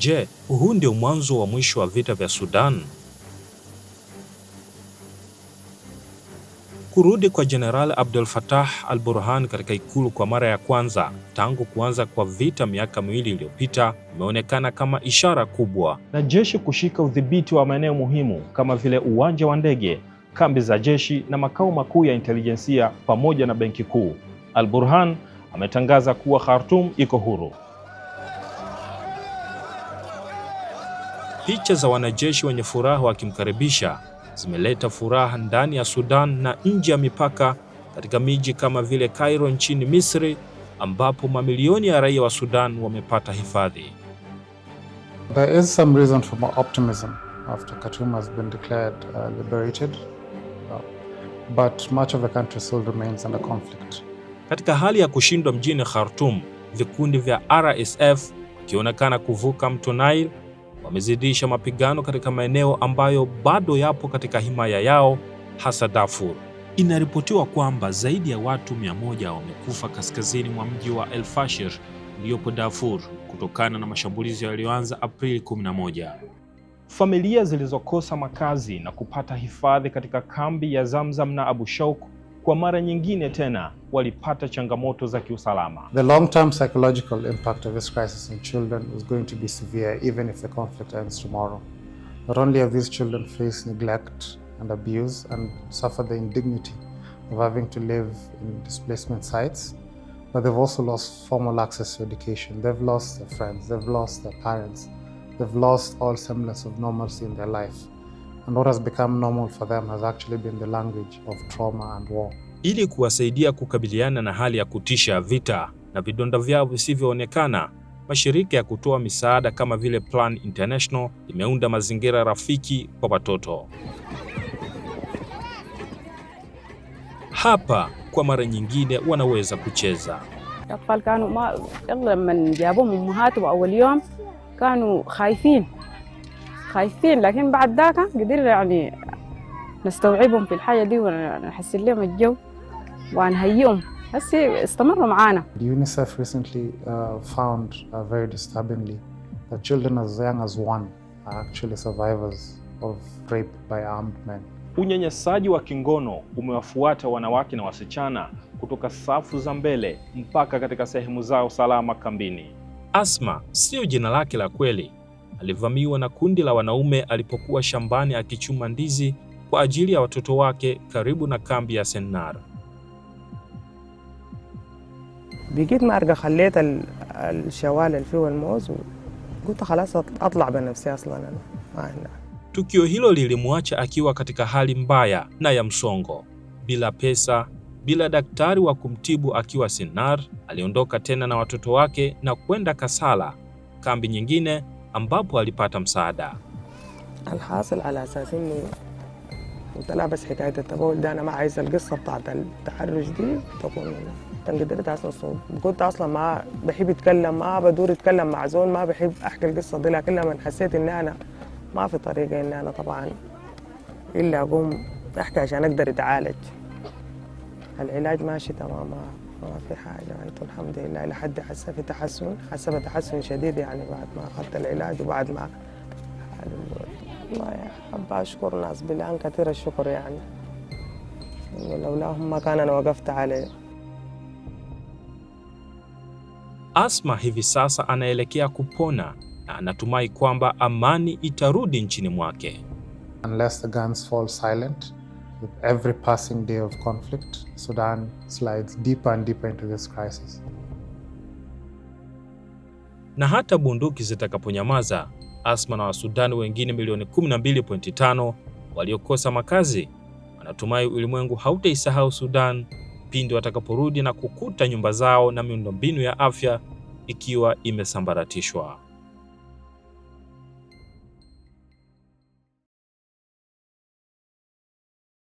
Je, huu ndio mwanzo wa mwisho wa vita vya Sudan? Kurudi kwa Jenerali Abdel Fattah al-Burhan katika ikulu kwa mara ya kwanza tangu kuanza kwa vita miaka miwili iliyopita imeonekana kama ishara kubwa, na jeshi kushika udhibiti wa maeneo muhimu kama vile uwanja wa ndege, kambi za jeshi na makao makuu ya intelijensia pamoja na benki kuu. Al-Burhan ametangaza kuwa Khartoum iko huru. Picha za wanajeshi wenye furaha wakimkaribisha zimeleta furaha ndani ya Sudan na nje ya mipaka katika miji kama vile Cairo nchini Misri ambapo mamilioni ya raia wa Sudan wamepata hifadhi. There is some reason for more optimism after Khartoum has been declared uh, liberated Uh, but much of the country still remains under conflict. Katika hali ya kushindwa mjini Khartoum, vikundi vya RSF kionekana kuvuka mto Nile wamezidisha mapigano katika maeneo ambayo bado yapo katika himaya yao, hasa Darfur. Inaripotiwa kwamba zaidi ya watu 100 wamekufa kaskazini mwa mji wa El Fasher uliopo Darfur kutokana na mashambulizi yaliyoanza Aprili 11. Familia zilizokosa makazi na kupata hifadhi katika kambi ya Zamzam na Abu Shauk kwa mara nyingine tena walipata changamoto za kiusalama. The long-term psychological impact of this crisis on children is going to be severe even if the conflict ends tomorrow. Not only have these children face neglect and abuse and suffer the indignity of having to live in displacement sites, but they've also lost formal access to education. They've lost their friends, they've lost their parents, they've lost all semblance of normalcy in their life and what has become normal for them has actually been the language of trauma and war. Ili kuwasaidia kukabiliana na hali ya kutisha vita na vidonda vyao visivyoonekana, mashirika ya kutoa misaada kama vile Plan International imeunda mazingira rafiki kwa watoto. Hapa kwa mara nyingine wanaweza kucheza. خايفين لكن بعد ذاك قدرنا يعني نستوعبهم في الحياة دي ونحسن لهم الجو ونهيئهم هسي استمروا معانا UNICEF recently uh, found uh, very disturbingly that children as young as one are actually survivors of rape by armed men. Unyanyasaji wa kingono umewafuata wanawake na wasichana kutoka safu za mbele mpaka katika sehemu zao salama kambini. Asma siyo jina lake la kweli alivamiwa na kundi la wanaume alipokuwa shambani akichuma ndizi kwa ajili ya watoto wake karibu na kambi ya Sennar. بقيت ما ارجع خليت الشوال اللي فيه الموز وقلت خلاص اطلع بنفسي اصلا انا Tukio hilo lilimwacha akiwa katika hali mbaya na ya msongo, bila pesa, bila daktari wa kumtibu. Akiwa Sennar, aliondoka tena na watoto wake na kwenda kasala kambi nyingine ambapo alipata msaada. Alhasil ala asas inni قلت لها بس حكايه التجول ده انا ما عايزه القصه بتاعت التحرش دي تكون كان قدرت اصلا الصوت كنت اصلا معاه بحب اتكلم معاه بدور اتكلم مع زول ما بحب احكي القصه دي لكن لما حسيت ان انا ما في طريقه ان انا طبعا الا اقوم احكي عشان اقدر اتعالج العلاج ماشي تمام في حاجة وانتم الحمد لله لحد هسه في تحسن هسه تحسن شديد يعني بعد ما أخذت العلاج وبعد ما الله يعني أشكر اشكر ناس بالان كثير الشكر يعني ولولاهم ما كان أنا وقفت عليه Asma hivi sasa anaelekea kupona na anatumai kwamba amani itarudi nchini mwake. Unless the guns fall silent With every passing day of conflict, Sudan slides deeper and deeper into this crisis. Na hata bunduki zitakaponyamaza, Asma na Wasudani wengine milioni 12.5 waliokosa makazi wanatumai ulimwengu hautaisahau Sudan pindi watakaporudi na kukuta nyumba zao na miundombinu ya afya ikiwa imesambaratishwa.